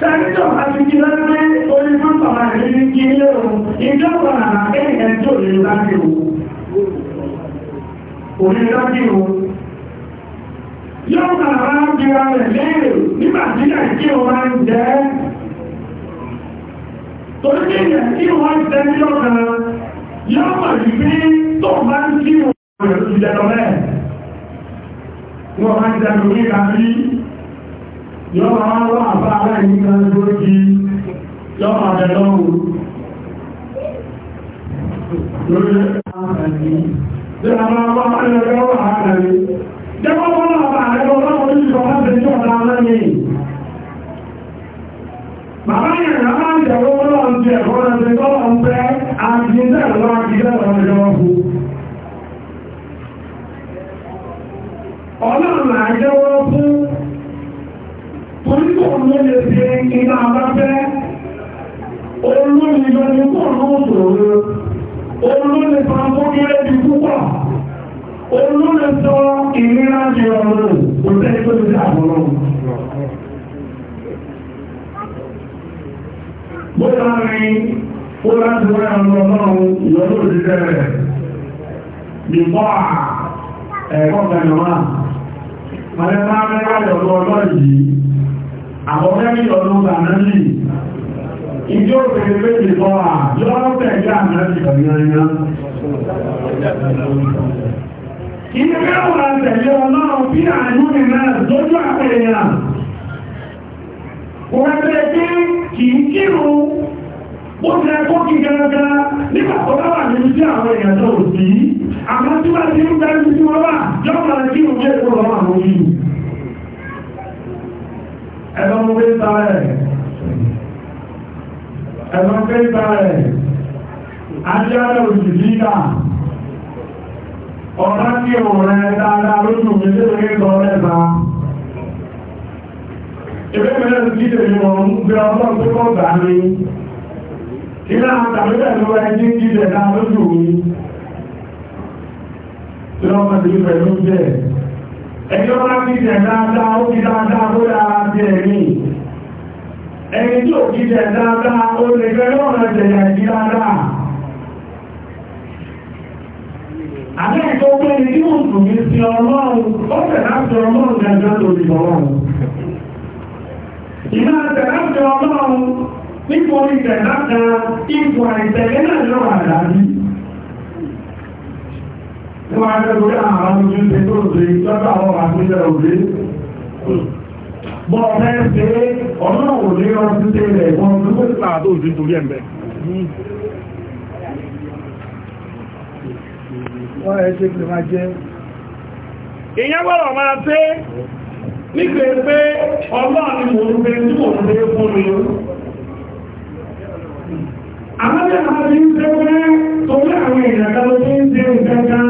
sẹ́ńtọ̀ àfikí lẹ́gbẹ́ orí mọ́tọ̀ àìrí kí ilé ohun ìjọba àkẹ́yẹ̀ tó lè láti ohun òní láti ohun yóò kàrà jìra rẹ̀ lẹ́rẹ̀ nígbàtí àìkí ọmọ ń jẹ́ torí kí ilẹ̀ kí wọ́n jẹ́ ní ọ̀nà yóò mọ̀ sí pé tó bá ń kí wọ́n rẹ̀ lójú jẹ́ lọ yọ́ máa wá àbá ará ìní kan tó jí yọ́ máa jẹ lọ́wọ́ lórí àkàrí tí a máa wá ẹgbẹ́ wà àkàrí jẹ́wọ́ wọ́n àbá ẹgbẹ́ wọ́n wọ́n ti sọ láti tí ọ̀dá lẹ́yìn bàbá yẹn rábá ìjẹ̀wọ́ lọ́n ti ẹ̀kọ́ lẹ́sẹ̀ tó lọ́n pẹ́ àjíjẹ́ lọ́n àjíjẹ́ lọ́n jẹ́wọ́ fún ọlọ́run àjẹ́wọ́ fún torí kò ló lè ṣe iná abáfẹ́ olóòrùn ìjọdún kò lóò tòrò olóòrùn ìfà fókílẹ̀ bí púpọ̀ olóòrùn sọ ìrìnà jẹ ọ̀rọ̀ kò tẹ́lẹ̀ tó ti àbọ̀lọ́ bóyá rí ó láti wá ẹ̀rọ ọlọ́run ìyọ́ló òṣìṣẹ́ rẹ̀ bìbọ́ ẹ̀kọ́ gbẹ̀mọ́ Àwọn ẹgbẹ́ ọlọ́run yìí àwọn mẹ́rin ọdún sàmẹ́lì ìjọ òfèrè méjì fọ́ à lọ́rọ̀ tẹ̀lé àmẹ́lì ọ̀yọ́yọ́ Ilé káwọn àtẹ̀lé ọlọ́run bí àánú ìrìnà lójú àpẹẹyàn. Wọ́n rẹ̀ pé kìí kírun ó ti ẹkọ́ kí gẹ́gẹ́ nígbà tó bá wà nínú sí àwọn èèyàn tó sí. Àmọ́ tí wọ́n ti ń gbẹ́rù sí wọ́n wà, yọ́ ẹ̀nà ọmọdé ta ẹ̀ ẹ̀nà ọmọdé ta ẹ̀ ajára òjì dídà ọ̀rá tí ò rẹ̀ dáadáa lójú mi tí ó rí lọ lẹ́ta ìwé mẹ́rẹ̀ sí ìdèrè wọn ń gbé ọlọ́run tó kọ́ gbà ní ilé àwọn tàbí pẹ̀lú ẹjí dídẹ̀ dáa lójú mi tí wọ́n mọ̀ sí pẹ̀lú ẹjọ́ bá ti jẹ dáadáa ó ti dáadáa ó dáa jẹ ẹ̀mí ẹni tí ò ti jẹ dáadáa ó lè fẹ́ lọ́nà jẹ̀yà ìdí dáadáa àbẹ́ ìtọ́ pé ní kí wọ́n tún ní sí ọlọ́run ó fẹ̀ láti ọlọ́run gẹ́gẹ́ lórí ọlọ́run ìmọ̀ àtẹ̀láti ọlọ́run nípa ìtẹ̀láta ipò àìtẹ̀lẹ́ náà lọ́wọ́ àdáyé tí wọ́n á jẹ́ lórí àwọn ojú ń tẹ́ tó rẹ̀ lọ́dọ̀ àwọn àpéjọ òde bọ́ ọ̀fẹ́ ṣe ọ̀nà òní ọdún tẹ́ rẹ̀ wọ́n tó tó tà tó ojú torí ẹ̀mẹ́ wọ́n ẹ̀ ṣe pè máa jẹ́ ìyẹn gbọ́dọ̀ máa tẹ́ nígbè pé ọlọ́run ni mo ń gbé tí mo ń gbé fún mi àwọn ẹ̀mọ́ ti ń tẹ́ pé torí àwọn ìrìnàkà ló ti ń tẹ́ nǹkan kan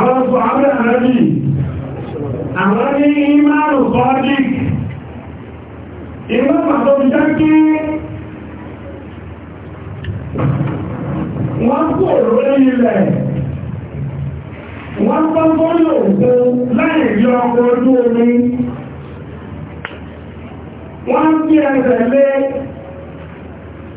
àwọn ọkọ̀ abẹ́ àrẹ́bì àwọn ní ìmáàrù kọ́ọ̀dík ìmọ́ pàtó jẹ́ kí wọ́n kò lórí ilẹ̀ wọ́n kọ́kọ́ lòkó láì jọ ọkọ̀ ojú omi wọ́n kí ẹsẹ̀ lé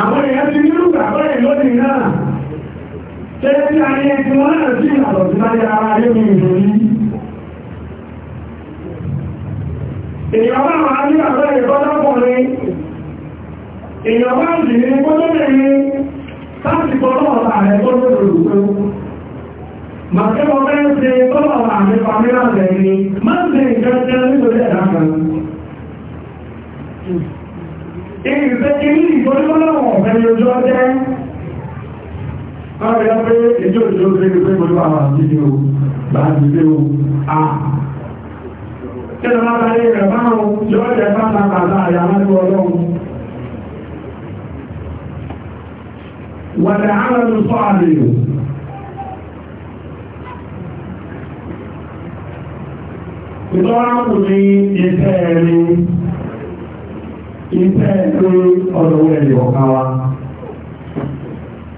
àwọn èèyàn ti nínú gbàgbọ́ ẹ̀ lónìí náà ṣé tí ayé tí wọ́n náà sí ìyàtọ̀ sí láyé ara ayé mi ìròyìn èèyàn bá máa ní àbẹ́ ìgbọ́dọ́kùnrin èèyàn bá sì ní gbọ́dọ́bìnrin láti gbọ́dọ̀ ọ̀tà rẹ̀ tó lórí òṣèlú màkẹ́wọ́ bẹ́ẹ̀ ni má ń ṣe ìrìnfẹ́ kìí ìgbóníwọ́lọ́wọ̀n ọ̀fẹ́ ni ojú ọjẹ́ Àwọn ìyá pé ìjọ́ ìjọ́ ìgbé pé pẹ̀lú àwọn àjíjẹ́ o, bá jíjẹ́ o, à. Kí lọ máa bá rẹ̀ márùn-ún, yọ́ jẹ́ bá máa bàbá àyà láti ọlọ́run. Wà ní àwọn olùsọ́ àlèyò, ìtọ́rọ̀ kù ní ìfẹ́ ẹ̀rin ìfẹ́ pé ọlọ́wọ́ ẹ̀lì ọ̀ká wa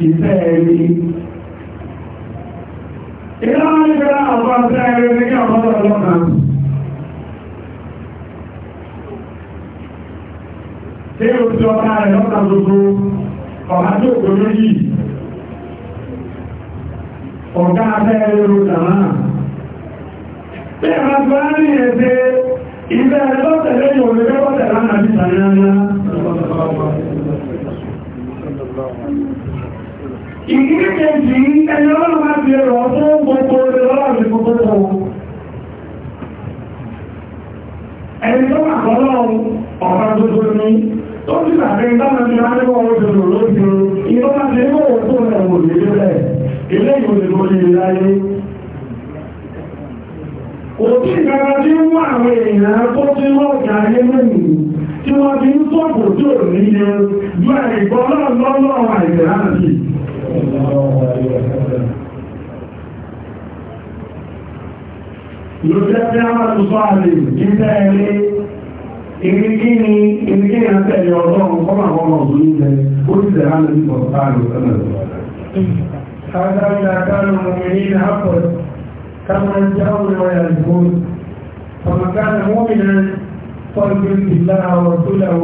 ìfẹ́ ẹ̀rí ìlànà ìfẹ́ àwọn ọ̀sẹ̀ ẹ̀rẹ́ ní ọ̀pọ̀lọpọ̀ ọlọ́kan tí ó ti ọ̀ká rẹ̀ lọ́kan gbogbo ọ̀há tó kò lórí ọ̀gá abẹ́ ẹ̀rọ tàmá Bí ìgbẹ́ ẹgbọ́tẹ̀ lẹ́yìn olùgbẹ́gbọ́tẹ̀ lánàá bí sàrẹ́lá ìgbẹ́ jì ẹni ọlọ́run máa fi ẹ̀rọ tó ń gbogbo ọlọ́run gbogbo tó ẹni tó wà kọ́lọ́run ọ̀pá gbogbo ní tó ti bàbẹ́ ìdámẹ́ ti máa nígbà owó jòrò lóòjò ìgbọ́n máa ti nígbà owó tó rẹ̀ kò tí ìgbàra tí ń wà àwọn èèyàn tó tí wọ́n jà ayé mẹ́rin tí wọ́n ti ń sọ́pù tí ò ní yẹ ju àìgbọ́ lọ́lọ́lọ́ àìgbẹ̀ láti ló jẹ́ àlè كما يدعون ويعرفون فمن كان مؤمنا فليؤمن بالله ورسوله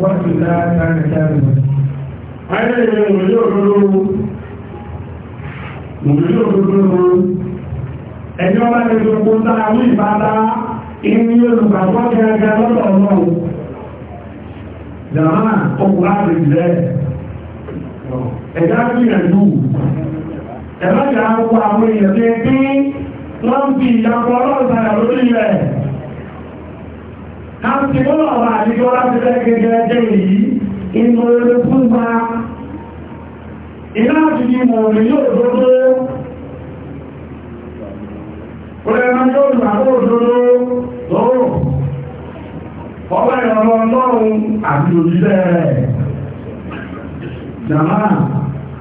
وإن الله كان كاذبا على يقولون يقولون ẹni ọba ti fi kó sára ní ìbáta inú olùgbàgbọ́ gẹ́gẹ́ lọ́dọ̀ ọlọ́run jàmánà ọkùnrin àrègbè ẹ̀dá gbìyànjú ẹ̀mọ́jà àwọn àwọn èèyàn tí bí wọ́n fi ìyàpọ̀ ọlọ́ọ̀sára lórí rẹ̀ a ti mọ́ ọ̀rọ̀ àdíjọ́ láti fẹ́ gẹ́gẹ́ jẹ́ èyí inú eré fún ma iná àti ní mọ̀ ní yóò dódó orí ẹ̀mọ́ yóò dùn àbó òdódó lọ́rọ̀ ọba ìrọ̀lọ́ ọlọ́run àti òjílẹ̀ rẹ̀ jàmáà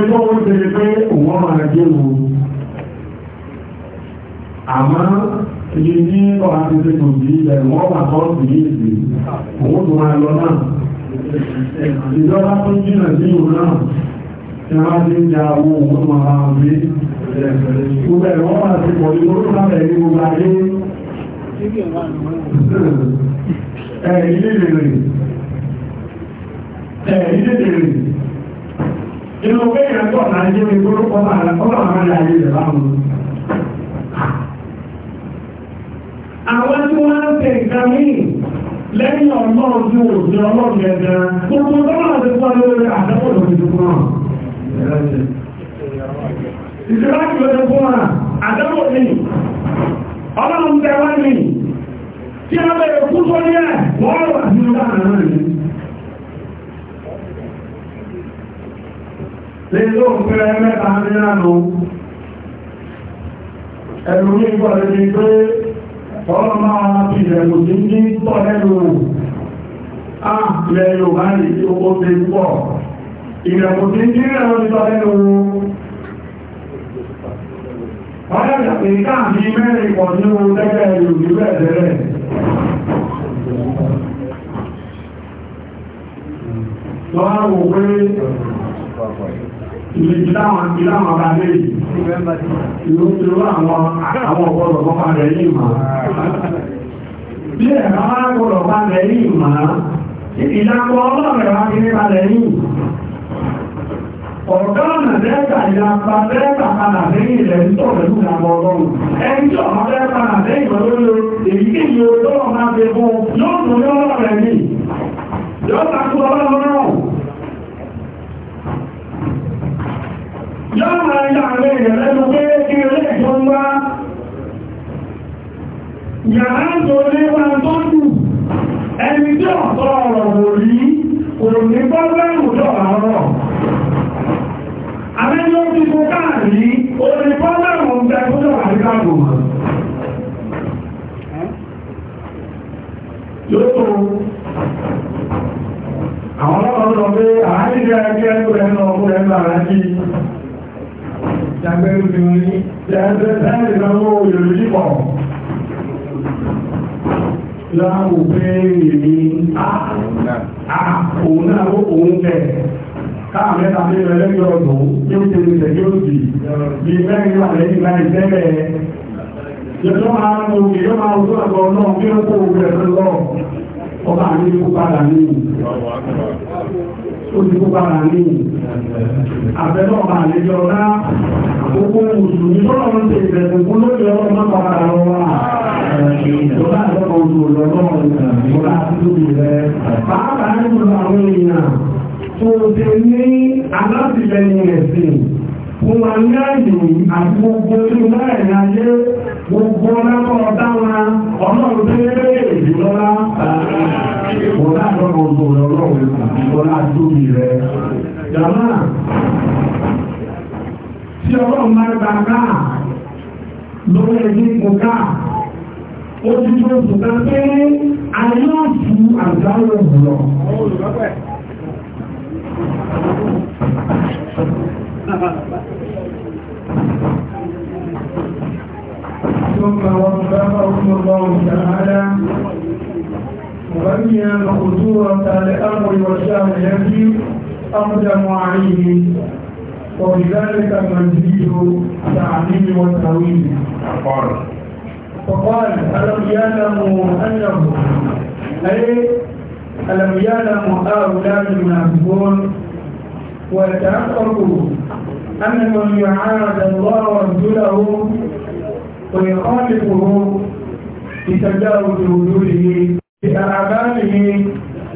ìpínlẹ̀ tó ń tẹ̀lé pé òun ọmọ àjẹ́ òun àmọ́ ibi tí ọ̀rá ti ṣe kò sí wà tọ́ sí ìlú òun tó máa lọ náà ìjọba tó jìnà sí òun náà tí wọ́n ti ń nínú kéèyàn tó ọ̀nà ajé mi kúrò ọ̀nà àwọn ayé rẹ̀ láwọn àwọn tí wọ́n ń tẹ nǹkan míì lẹ́yìn ọlọ́run tí ò jẹ́ ọlọ́run ẹ̀dá gbogbo tọ́lá ti pọ́ lórí àdáwò lórí ìdúgbò náà ìṣẹ́lá ti lórí fún wa àdáwò ní ọlọ́run tẹ́wọ́ ní kí a bẹ̀rẹ̀ kú sórí ẹ̀ wọ́n wà nínú lè ló ń pẹ́ mẹ́ta nílànà ẹ̀rù ní ìpọ̀lẹ̀ ní pé ọ̀rọ̀ máa fi ẹ̀rù sí ní pọ̀ ẹ̀rù ààbẹ̀ yorùbá ní owó ti pọ̀ ìrẹ̀kù sí ní ẹ̀rù ti pọ̀ ẹ̀rù ọ̀rẹ́ ìjàpín káàkiri mẹ́rin pọ̀ nínú tẹ́gbẹ̀ ẹ̀rù ìbẹ̀ tẹ́lẹ̀ Wọ́n á wò pé ìlànà ọba lè ìlú padà lẹ́yìn rẹ̀ ń tọ̀ pẹ̀lú ìlànà ọlọ́run ẹni tí ọ̀nà lẹ́ẹ̀ta padà lẹ́yìn lọ́lọ́lọ́ èyí kí ìlú ọlọ́run máa fi fún yóò tún ní ọlọ́rẹ̀ yìí yóò yóò máa yà àwọn èèyàn lẹ́nu pé kí ilé ìjọ ń wá yàrá tó lé wa tó jù ẹni tí ọ̀tọ̀ ọ̀rọ̀ wò rí kò ní gbọ́gbẹ́ ìwòjọ́ àárọ̀ àmẹ́jọ́ ti kó káàrí orí gbọ́gbẹ́ ìwòjọ́ àárọ̀ àríkàgbò yóò tó àwọn ọlọ́run lọ pé àárín ẹgbẹ́ ẹgbẹ́ ẹgbẹ́ ẹgbẹ́ ẹgbẹ́ ìjàgbẹ́rù ti wọ́n ní ẹgbẹ́ sẹ́rìn náà mọ́ òyòrò yípọ̀ láàrù pé èmi òun náà ó òun tẹ̀ káà ní ẹlẹ́gbẹ́ ọdún yóò ti rí bí mẹ́rin wà lẹ́yìn láì tẹ́lẹ̀ òdìbò bára ní àbẹ̀lọ́ ọba àlejò ọ̀dá àkókò mùsùlùmí tọ́lọ̀ ń ṣe ìbẹ̀kùnkún lórí ọ̀rọ̀ mọ́ta ara lọ wà ìjọba àjọpọ̀ oṣù lọ́dọ̀ ìjọba àtúntò rẹ̀ pàápàá nínú àwọn èèyàn tó ṣe ní alátìlẹyìn fún wa ní àyè àti gbogbo inú láìní ayé gbogbo lápá ọ̀tá ọlọ́run tó yẹ ìdílọ́lá ọlọ́run ìdílọ́lá tóbi rẹ̀ tí ọlọ́run máa káà lórí ẹni káà ó ti tó oṣù pé ayé ثم وفقهم الله تعالى مبينا خطورة لامر والشهر الذي أقدم عليه وبذلك المزيد تعليم وتأويل فقال ألم يعلموا أنه أي ألم يعلموا هؤلاء المنافقون وتحققوا أن من يعاد الله رجله ويخالفه بتجاوز وجوده بأعماله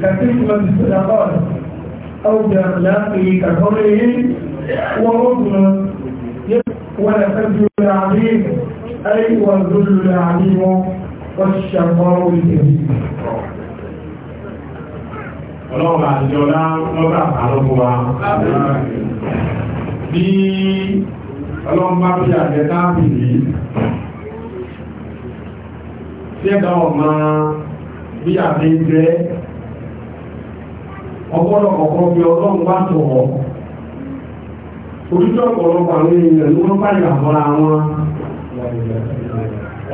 كقسمة الصدقات أو بأخلاقه كحره ولا ولفجر العظيم أي والذل العظيم والشقاء الكبير ọlọ́run àtijọ́ náà lọ́gbà àlọ́gbọ́ bí ọlọ́mbá fi àjẹ́ tábìlì tí ẹ̀dá ọ̀mà bí àti jẹ́ ọgbọ́dọ̀ kọ̀kọ́ bí ọlọ́run bá sọ̀rọ̀ oríṣẹ́ ọ̀pọ̀lọpọ̀ àwọn èèyàn ló ń wọn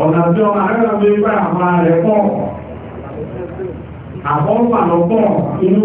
ọ̀nà tí ọmọ rẹ̀ pọ̀ àlọ́pọ̀ inú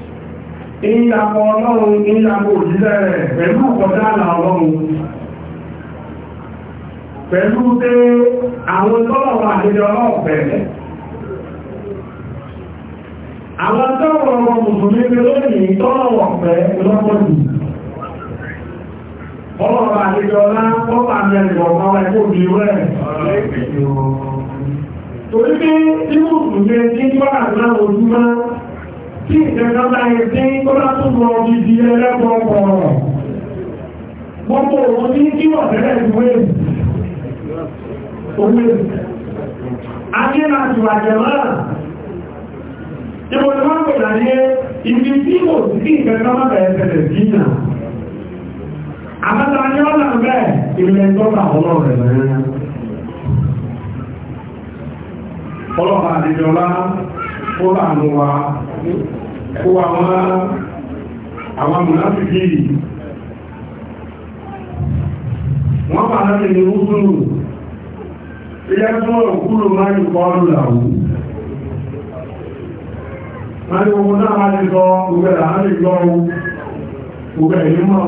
ìyàpọ̀ ọlọ́run ìyàpọ̀ òjíṣẹ́ rẹ̀ pẹ̀lú ọ̀dá àlà ọlọ́run pẹ̀lú pé àwọn tọ́lọ̀wọ̀ àdéjọ ọlọ́ọ̀pẹ̀ àwọn tọ́lọ̀wọ̀ ọmọ mùsùlùmí pé lónìí tọ́lọ̀wọ̀ pẹ̀ lọ́pọ̀jù ọlọ́rọ̀ àdéjọ ọlá pọ́pà mẹ́rin ọ̀pọ̀ ẹ̀kọ́ bí rẹ̀ torí pé tí tí ìjọba bá yẹ sí kó bá tún lọ bí di ẹlẹ́kọ̀ọ́ pọ̀rọ̀ gbogbo òun ní kí wọ́n tẹ́lẹ̀ ìwé òwe ayé láti wàjẹ̀ máa ìwọ̀n wọ́n pè láyé ibi tí kò sí kí ìkẹ́kọ̀ọ́ má bẹ̀rẹ̀ tẹ̀lẹ̀ gíyàn àbáta ní ọ̀nà bẹ́ẹ̀ ilẹ̀ tọ́ta ọlọ́rẹ̀ mẹ́rin ọlọ́pàá àdìjọba ó bá ń wá kó àwọn mùnáfíkì yìí wọ́n bá náà ní rúgbùrù ilé fún òkúrò máa ń kọ́ lùlàwó máa ní ogun náà máa ní sọ ọgbẹ̀ àá lè gbọ́ ọgbẹ̀ ìlú mọ́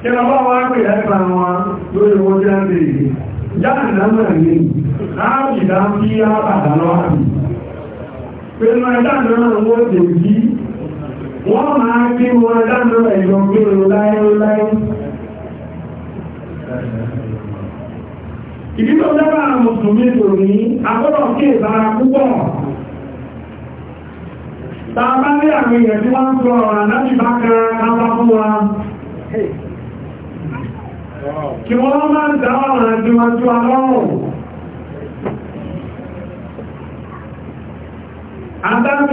kí lọ bá wọ́n pè ẹ́ta wọn lórí owó jẹ́ ń lè jáàdì náà ní pẹ̀lú ẹ̀dánà àwọn òdè yìí wọ́n wọn ẹ̀dánà ìjọgbèrò láyéláyé tó dábà mùsùlùmí tò ní agbọ́dọ̀ kí ìbára púpọ̀ ta ní àwọn èèyàn tí wọ́n ọ̀rọ̀ láti bá fún wa kí wọ́n máa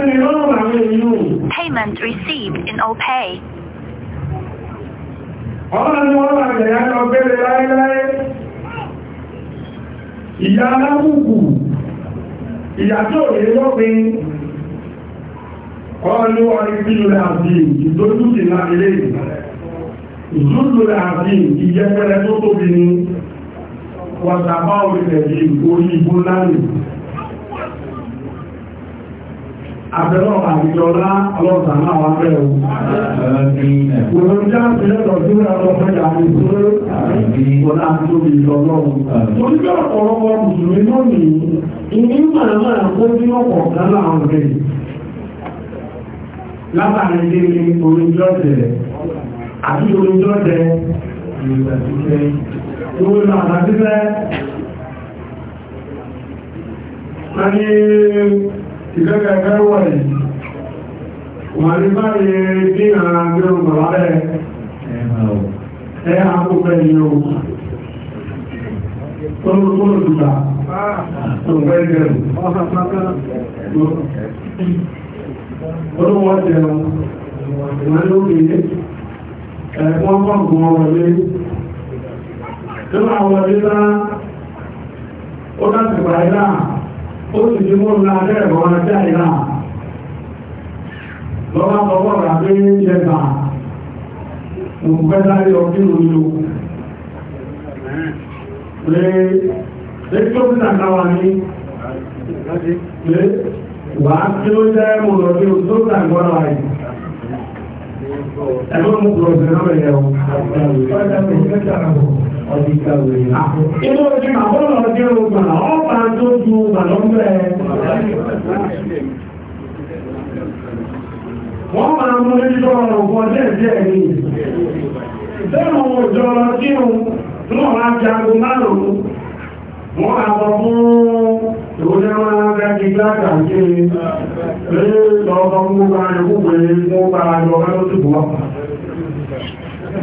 Payment received in all Ìyá alábùkù, ìyá tó rí lọ́pin, ọlú ọ̀rẹ́ bí lórí àbí ìdójúdì láti lè ìdójú rẹ̀ àbí ìjẹ́pẹ̀rẹ tó tóbi ni, wọ̀sàbá orílẹ̀-èdè orí ìgbó láàrin. àbẹ̀lọ́pàá àti ọlá ọlọ́ta náà wà bẹ́ẹ̀ o. Gbogbo já sílẹ̀tọ̀ sí ọlọ́pẹ́jà àti ìṣòro ọ̀nà àti tóbi ìlọ́lọ́run. Torí pé ọ̀pọ̀lọpọ̀ mùsùlùmí lónìí, ìní màmá kó sí ọ̀pọ̀ kan láwọn rẹ̀. Látàrí ilé oríjọ́tẹ̀ àti oríjọ́tẹ̀ Gbogbo ìlú àtàtí fẹ́ ìfẹ́fẹ́ fẹ́ wọ̀ yìí wọ́n ní báyìí bí ara gbé ọmọ rẹ̀ ẹ̀ àkókò ẹ̀yìn o tó ń tó ń dùgbà tó ń fẹ́ jẹun olówó jẹun wọ́n ló rí ẹ̀wọ́n pọ̀gbọ̀n wọlé tó máa wọlé náà ó dá ti pàdé náà ó ti mú ńlá lẹ́rọ̀ ọjọ́ ìlà lọ́wọ́ lọ́wọ́ rà pé yẹba òǹkẹ́lárí ọdún òyìnbó lè lè tó ń tàkàwà ní lè wà á tí ó jẹ́ mọ̀lọ́ tí ó tó tàgbọ́ra rẹ̀ ẹgbẹ́ mú pọ̀lọ̀ sí náà rẹ̀ yẹ̀ ọdíkà wèrè. Inú ojú àbọ̀lọ̀ ọdún ọgbà ọ̀pá tó ju ọgbà lọ́gbẹ̀. Wọ́n máa mú ẹjọ́ ọ̀rọ̀ ọ̀pọ̀ díẹ̀díẹ̀ ní. Ìfẹ́ràn òjò ọ̀rọ̀ tí òun náà wá jago márùn-ún. Wọ́n máa bọ̀ fún ìwòlẹ́ wọn gẹ́gẹ́ gíláàkà kiri. Lé lọ́gbọ́n mú bá ẹgbùgbé mú bá lọ́gbọ́n tó ti bọ̀.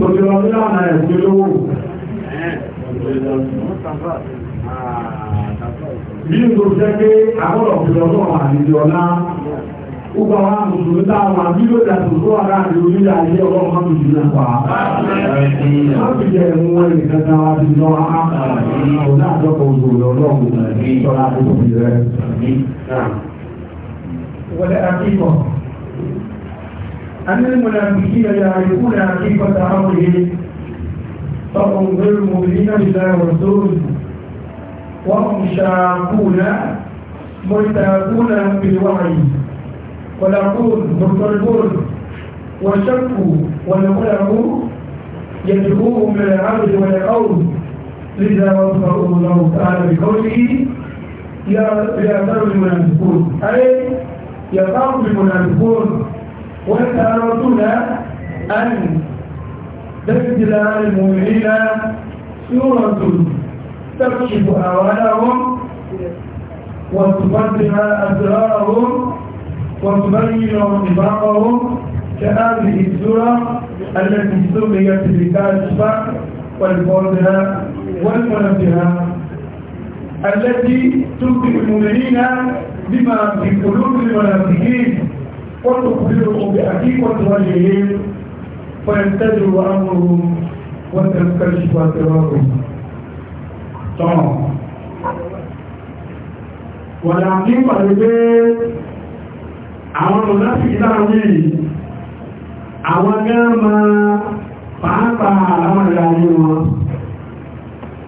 lójú lọ sí láàrín ẹ̀sùn olówó bí n tó jẹ́ pé àbọ̀rọ̀ òfin ọ̀tọ̀ àdìdì ọ̀la Gbogbo àwọn àmùsùn láwọn àbílòdà tó tó ara àti orílẹ̀ ayé ọlọ́run máa tùjú náà pa. Wọ́n ti jẹ ẹ̀mú wọn nìkan kan wá sí lọ á. Ọ̀nà àjọpọ̀ òṣòro ọlọ́run sọ̀rọ̀ àkókò rẹ̀. Wọ́n lẹ́ àkíkọ̀. أن المنافقين يعرفون حقيقة أمرهم فانظر المؤمنين بالله والرسول وهم شاقون مرتاقون بالوعي والعقول مضطربون وشكوا والقلق يدعوهم من العبد والقول لذا وفقه الله تعالى بقوله يا يا ترى المنافقون اي يا ترى المنافقون وانت أردنا أن تنزل على المؤمنين سورة تكشف أعوانهم وتفتح أسرارهم وتبين نفاقهم كهذه السورة التي سميت بكاشفة والفوزها والمنبهة التي تبدي المؤمنين بما في قلوب المنافقين ونخبركم بحقيقة وجههم فينتجر أمرهم وتنكشف أسرارهم tán wọ̀dà ní pàdé pé àwọn ọ̀nàfíì láàrin yìí àwọn gẹ́ẹ̀mà pàápàá àwọn ìlànà wọn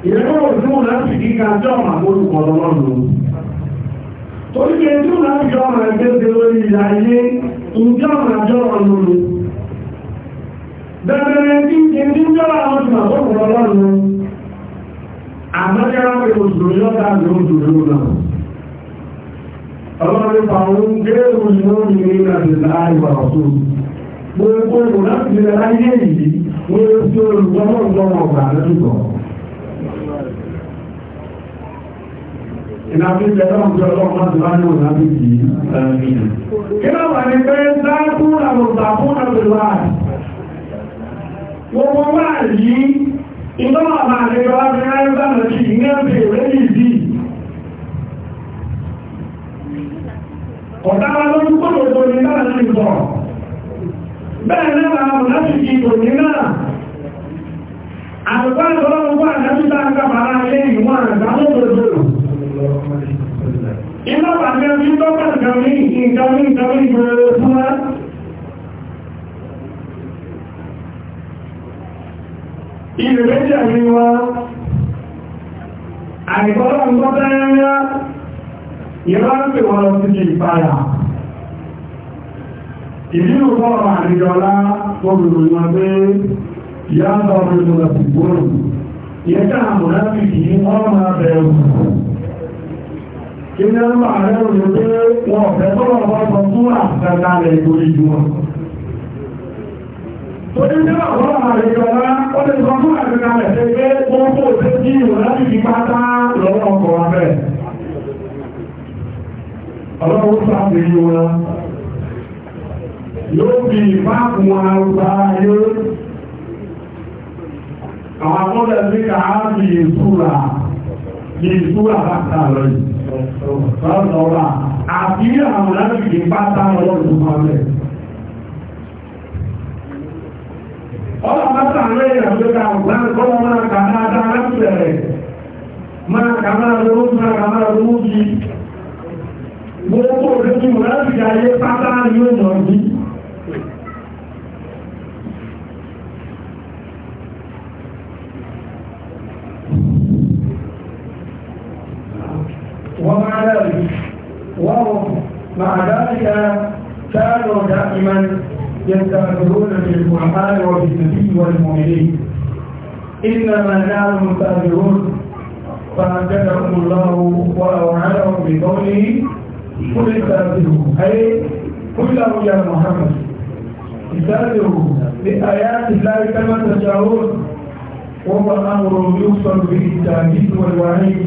ìrẹ́lẹ́ òjú ọ̀nàfíì kíkà jọ́ àwọn olùkọ̀ọ́lọ́rùn torí pé tí ó láti jọ ọ̀rọ̀ ẹgbẹ́gbẹ́ lórí ìlàyé ìjọ ọ̀rọ̀ àjọ ọ̀lọ́run bẹ̀rẹ̀ tí kí ní jọ́rọ̀ àwọn ti màá fọ́kùn ọlọ́run àmọ́jára pé òṣèrè lọ́ta àti òṣèrè náà ọlọ́run pa òun gé òṣèrè òní ní àti láàríwá ọ̀tún gbogbo ìwòrán ti rẹ̀ láyé yìí wọ́n ti olùgbọ́mọ̀ ìjọba ọ̀gbà lẹ́tùkọ̀ọ́ ìlàbí ìjẹta òjò ọlọ́run láti bá ní òun láti jì í. kí ló wà ní pé dákú àrùbà fún àbẹ̀lá gbogbo wà yìí iná àmà àlejò láti ráyé bára jì ní ẹ̀bẹ̀ ìwé ìdí. ọ̀dára lójú gbọ́dọ̀ ní náà ti bọ̀ bẹ́ẹ̀ náà àwọn láti jì ìbò ní náà àgbà ìjọba gbogbo àdájú tá a ń kàbàrà ilé ìwọ̀n àgbà lójoojúmọ́ iná pàtàkì ọdún tí tọ́pàá ìgbàmí ìgbàmí ìgbàmí ìgbèrè fún wa ìrẹ̀lẹ́ jẹ́ àmì wa àìkọ́lá ń tọ́pàá ẹ̀yà ìrọ́ ń pè wọ́n sí ti ìpáyà ìdínú fọ́ọ̀rọ̀ àríyọlá gbogbo ìwọ̀n pé ìyá ń tọ́pàá ìgbàmí ìgbòrò iná àwọn akọ́lẹ̀ sí kàá fi ìtura ní ìṣúra bàtà lọ yìí lọ́sọ̀ọ́lá àti àwọn alábìkì pátá lọ́dún pàlẹ̀ ọ̀rọ̀ bàtà lọ yìí àgbéga ọ̀gbọ́n máa kà máa dá lábìlẹ̀ máa kà máa lọ́wọ́ máa kà máa lọ́wọ́ bí gbogbo òṣèlú lábìkì ayé pátá ni ó yàn ذلك وهم مع ذلك كانوا دائما القران بالقرآن وبالنبي والمؤمنين إنما كانوا مستهزئون فأنجدهم الله وأوعدهم بقوله قل استهزئوا أي قل له يا محمد استهزئوا بآيات الله كما تشاءون وهو أمر يوصل به التاكيد والوعيد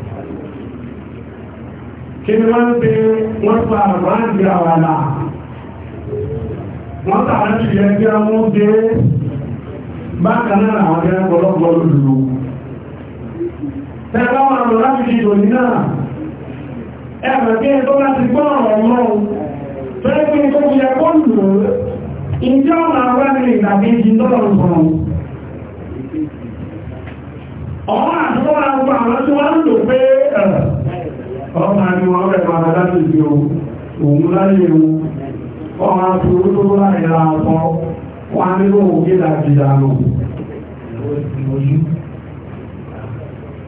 kí ni wọ́n ti wọ́n pa àwọn àjẹ́ àwàlà wọ́n tàà ti yẹ kí wọ́n dé bákan náà àwọn ẹgbẹ́ ọlọ́pọ̀ lòlò tẹ́lá wọn lọ láti fi ìròyìn náà ẹ̀rọ kí ẹ̀tọ́ láti gbọ́ ọ̀rọ̀ ọlọ́run tẹ́lẹ̀ pé tó fi ẹkọ́ lò ìjọ máa wá ní ìdàbí ìjìndọ́rọ̀ sọ̀rọ̀ ọ̀rọ̀ àtúntọ́ àwọn àwọn tí wọ́n ń lò pé ẹ̀rọ ọmọ ni wọ́n rẹ̀ máa láti fi òun láyé wọn wọ́n máa fi orúkọ láì ra ọ̀pọ̀ wọ́n á nílò òkè láti dànù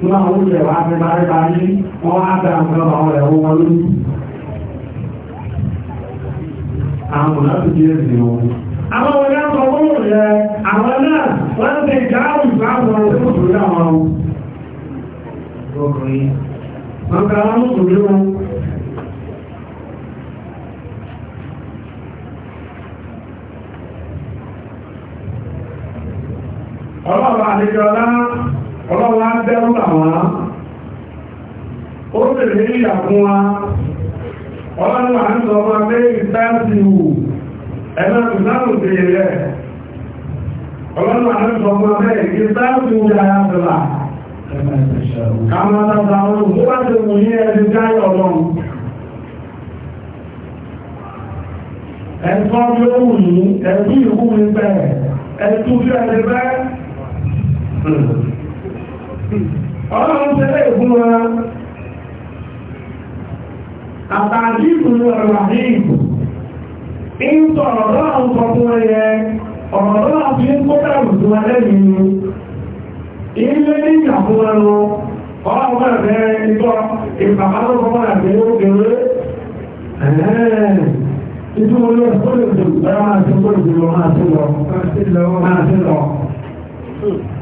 láwọn oúnjẹ wà ní báyíbá yí wọ́n á ẹ̀wọ́ wọn lórí àwọn láti àwọn àwọn náà wọ́n ti àwọn ọ̀gá mùsùlùmí o ọlọ́wọ́ àdéjọ́lá ọlọ́wọ́ dẹ́rù àwọn ó bèèrè ìyà fún wa ọlọ́wọ́ àdéjọ́ ọmọ abẹ́ ìtàzì wù ẹgbẹ́ ìtàzì bèèrè ọlọ́wọ́ àdéjọ́ ọmọ abẹ́ ìtàzì wù yàrá Àwọn ọ̀dọ́ta ọ̀rọ̀ tó bá ti wù ní ẹni jáyé ọlọ́run. Ẹ̀sọ́ bí ó wù ní, ẹ̀bí ìwú mi bẹ́ẹ̀, ẹ̀tú bí ẹni bẹ́ẹ̀. Ọlọ́run tẹ́lẹ̀ ìfún wa, àtàdí ìfún ọ̀rọ̀ àdí ìfún. Ìtọ̀ ọ̀rọ̀ àwọn ọkọ̀ fún ẹyẹ, ọ̀rọ̀ àti ń kó ilé ní ìyàfún ẹnu ọlọ́pọ̀ ẹ̀rẹ́ ìtọ́ ìpàkálọ́pọ̀ ẹ̀rẹ́ òkèrè ẹ̀ẹ́ ìtú olóòrò ìpòlòdò ẹ̀rọ máa ti pòlòdò máa ti lọ máa ti lọ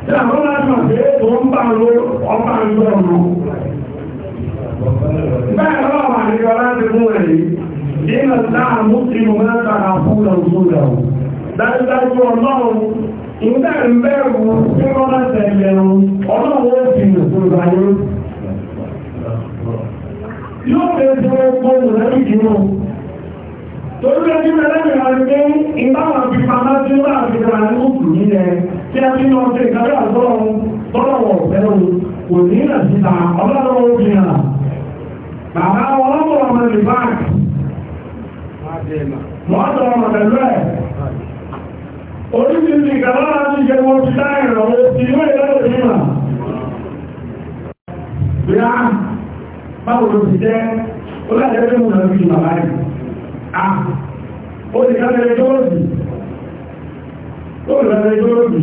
ìyàfún láti mọ̀ pé tó ń bá ló ọba ń lọ ọ̀nà bẹ́ẹ̀ lọ́wọ́ àríyọ láti mú ẹ̀rí nínú táà mú sí mo mẹ́ta àfúnlọ̀ òṣùlọ̀ dájúdájú ọlọ́run ìgbà ń tí wọ́n bá tẹ̀lé ẹ̀rùn ọlọ́wọ́ fi nìkan ìbáyé yóò fẹ́ tí wọ́n pọ̀ lẹ́bí jùlọ torí ẹni mẹ́lẹ́bí wa ní fi pamá tí wọ́n àti ìgbà ní òkú tí a fi lọ oríṣiríṣi ìgbàlá láti jẹ wọn ti dá ìrànwọ́ ti ilé ìlẹ́rọ ìmọ̀ bí a báwo ló ti jẹ́ ó láti ẹgbẹ́ mú náà bí bàbá rẹ̀ a ó ti ká lẹ́rẹ́ tó rọ̀ bì ó lẹ́rẹ́ tó rọ̀ bì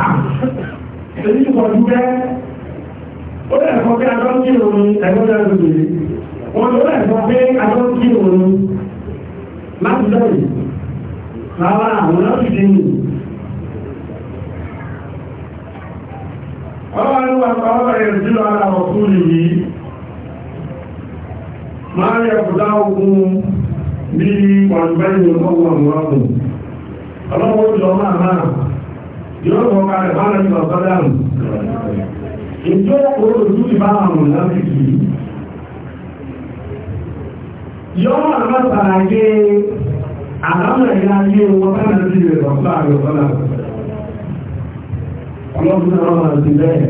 a èyí ti pọ̀ dúpẹ́ ó lẹ́rẹ́ fọ́ pé adọ́ ń kí òun ẹ̀gbọ́n lẹ́rẹ́ tó bèrè wọn ló lẹ́rẹ́ fọ́ pé rárá àwọn lọ́rìdì ni ọlọ́rìnwà pàwọ́ rẹ̀ sílọ ara ọ̀tún yìí máa yẹ kùdá ogun bí i pàtàkì ọgbọ̀n ọgbọ̀n ọlọ́wọ́ jọ máa máa yóò kọ́ kalẹ̀ bá lẹ́yìn ọ̀sọ́dánù ìjọ́ olóòtú ti bá àwọn àdámọ̀ ìyá ayé wọn tánà sí rẹ̀ lọ́pàá rẹ̀ lọ́nà ọlọ́dún náà wà sí bẹ́ẹ̀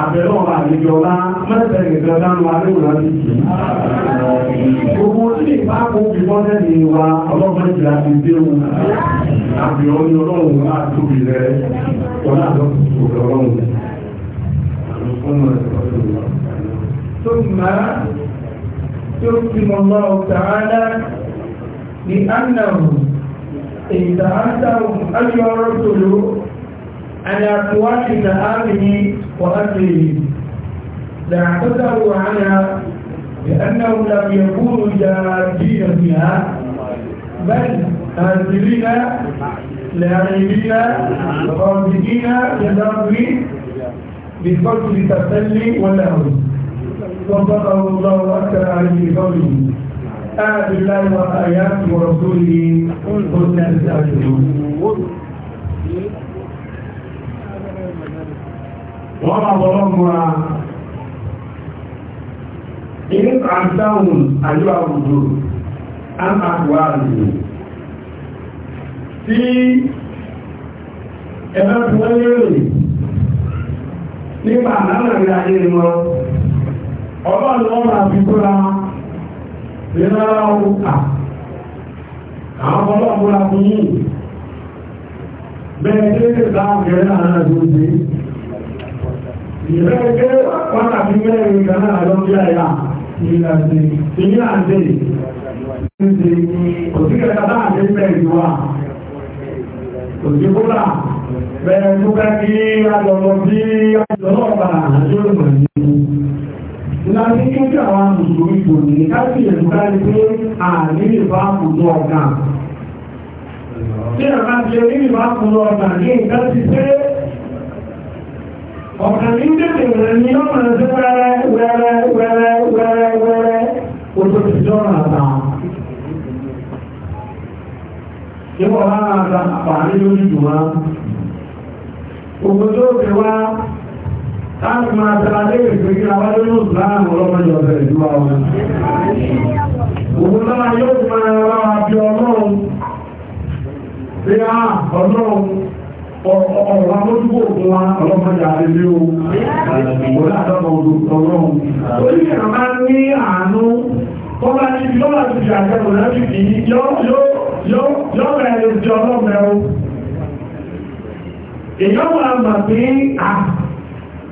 àbẹ̀rẹ̀ ọ̀rọ̀ àdìjọba mẹ́sẹ̀ nìkan dánú aléwòrán ti jì gbogbo sí ìpákó ìbọ́dẹ̀ ní wa ọlọ́pàá ìjìlá ti déwu àbẹ̀rẹ̀ ní ọlọ́run لأنه إذا أنتهم أيها الرسل على أقوال ذهابه وأكله لاعتذروا عنها لأنهم لم يكونوا جادين فيها بل هازلين لاعبين خاضعين للغو بفضل التسلي واللهو وفقه الله أكثر عليه بقوله آمن بالله وآياته ورسوله هن الزاجرون wọ́n máa bọ́ lọ́gbọ́n a inú tí ẹ̀rọ tí wọ́n lérè nípa àmàlàrí ayé wọn ọlọ́run wọ́n fi nínú ara wọn kà àwọn ọlọ́pọ̀ lápò yìí bẹ́ẹ̀ tí ó lè bá ọ̀gẹ̀rẹ́ àwọn àjòjì ìrẹ́gẹ́ pàtàkì mẹ́rin kanáà àjọ́bíà ìyá ìlàjì ìyílájì ìrìnjì òsìkẹta láàrin mẹ́rin wà òsìkúlà bẹ́ẹ̀ tó bẹ́ kí àjọ̀lọ́ bí àjọ̀lọ́ ní kéjọ àwọn mùsùlùmí kò ní káàkiri ìrìnkà ní pé àní ìbá kùnú ọ̀gá tí àmà jẹ́ ní ìbá kùnú ọ̀gá ní nǹkan ti pé ọ̀gá ní tètè rẹ̀ ní ọmọ rẹ̀ sí wẹ́rẹ́ wẹ́rẹ́ wẹ́rẹ́ wẹ́rẹ́ wẹ́rẹ́ oṣù tí jọ́nà àtà ìwọ̀n lára àtà àpàrí lórí jùlọ Ògbòjò òkè wá láti máa tẹ́lá léèrè pé kí àwọn tó yóò láàmù ọlọ́mọdé ọ̀sẹ̀ ìjúwà wọn. Òun náà yóò máa rárá bí ọlọ́run pé á ọlọ́run ọ̀rọ̀ amójúgbò fún wa ọlọ́mọdé àrẹ́lé o. Òun àdọ́mọ ọlọ́run. Orí ìrìn máa ń ní àánú tó bá ní ibi lọ́wọ́ ti fi àjẹmọ̀ láti fi yọ́ mẹ́rin ti ọlọ́mọ ẹ̀rọ. Èyí ọ̀pọ̀ àmà pé à ah,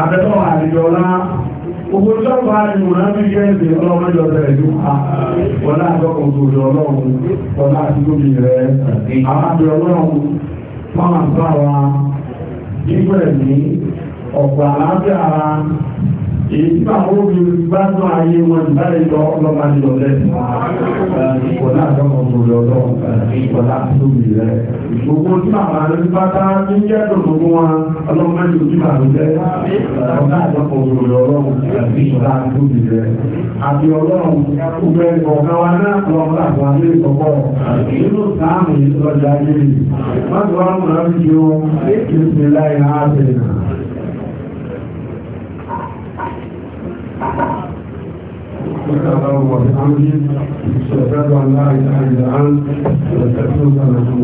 àtẹ́tọ́ àríyọ́lá gbogbo ìjọba àrínú láti jẹ́ ìdè ọlọ́mọjọ́ bẹ̀rẹ̀ ló ha wọ́n láti ọkọ̀ ọlọ́run wọ́n láti gómìn rẹ̀ ọlọ́run ọ̀pọ̀ ara èyí tí àwọn obìnrin bá tún ayé wọn ìbára ìjọ ọlọ́pàá ní ọ̀lẹ́ ìkọ̀lá àtọkọ̀tò lọ́dọ̀ ìkọ̀lá àtúbì rẹ̀ gbogbo tí màmá rẹ̀ bá tá ní yẹ́dùn gbogbo wọn ọlọ́pàá ní ojú màmá rẹ̀ ìkọ̀lá àtọkọ̀tò lọ́dọ̀ ìkọ̀lá àtúbì rẹ̀ àti ọlọ́run gbogbo ẹ̀kọ̀ọ̀kan wa náà lọ́pàá àti wà ní ìkọ̀kọ̀ nínú sáàmù ìtọ́jà yìí má وبحمده أشهد أن لا إله إلا أنت أستغفرك